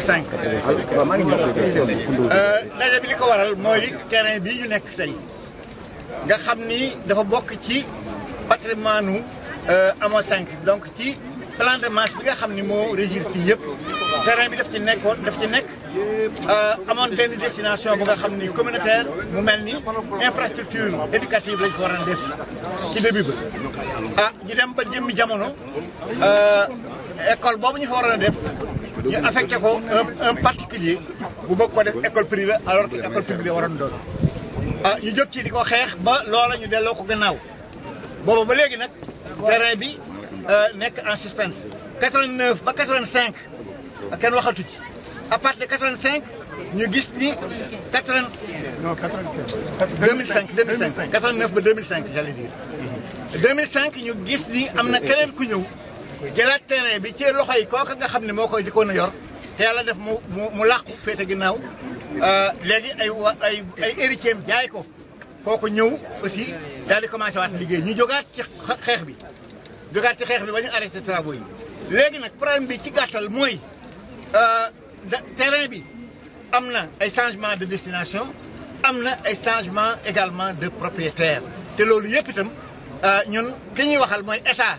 5. Euh, daje bi li ko waral mooy terrain bii ñu nekk tey nga xam ni dafa bokk ci patrimoine nu Hamo euh, 5 donc ci plan de masse bi nga xam ni moo régir fii yëpp terrain bi daf ci nekkoon daf ci nekk euh, amoon benn destination bu nga xam ni communautaire mu mel ni infrastructure éducative lañ ko war a def ci début ba ah ba jëmmi jamono école boobu ñu fa waroon a def. ñu affecté ko un un particulier bu bëgg def école privée alors que école publique waroon doon. ah ñu jóg ci di ko ba loola ñu delloo ko gannaaw booba ba léegi nag terrain bi euh, en suspense 89 ba 85 kenn waxatu ci à partir de 85 ñu gis ni 80. non 85. 2005 2005 89 ba 2005 j'allais dire. 2005 ñu gis ni am keneen ku jëlaat terrain bi ci loxo yi kooka nga xam ne moo koy jëkkoon a yor te yàlla def mu mu mu làqu féete ginnaaw euh, léegi ay ay ay héritier jaay ko kooku ñëw aussi daal di commencé waat liggéey ñu jogaat ci xeex bi jógaat ci xeex bi ba ñu arrêté travaux yi léegi nag problème bi ci gàttal mooy euh, terrain bi am na ay changement de destination am na ay changement également de propriétaire te loolu yëpp itam euh, ñun ki ñuy waxal mooy état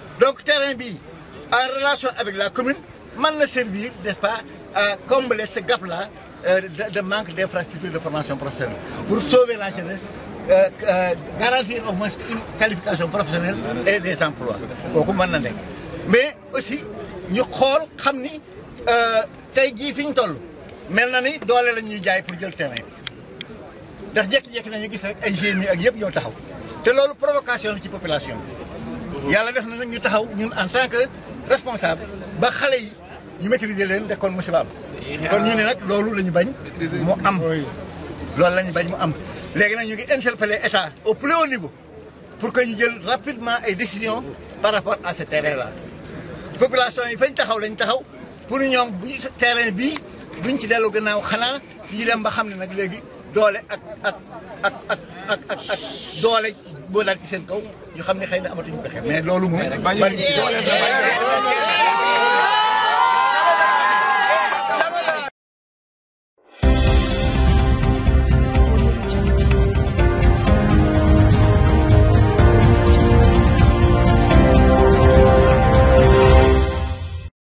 donc terrain en relation avec la commune va servir n'est-ce pas à combler ce gap là euh, de, manque d'infrastructures de formation professionnelle pour sauver la jeunesse euh, euh, garantir au moins une qualification professionnelle et des emplois mais aussi nous avons nous pour le terrain ndax nañu la population yàlla def na nag ñu taxaw ñun en tant que responsable ba xale yi ñu maîtriser leen de kon musiba am kon ñu ne nag loolu lañu bañ mu am loolu la bañ mu am léegi nag ñu ngi interpeller état au plus haut niveau pour que ñu jël rapidement ay décisions par rapport à ce terrain là population yi fañ taxaw lañ taxaw pour ñoom bu ñu terrain bii duñ ci dellu gannaaw xanaa ñu dem ba xam ne nag léegi doole ak ak ak ak ak ak doole bo kisah kau, sen kaw yo xamni xeyna amatuñu pexé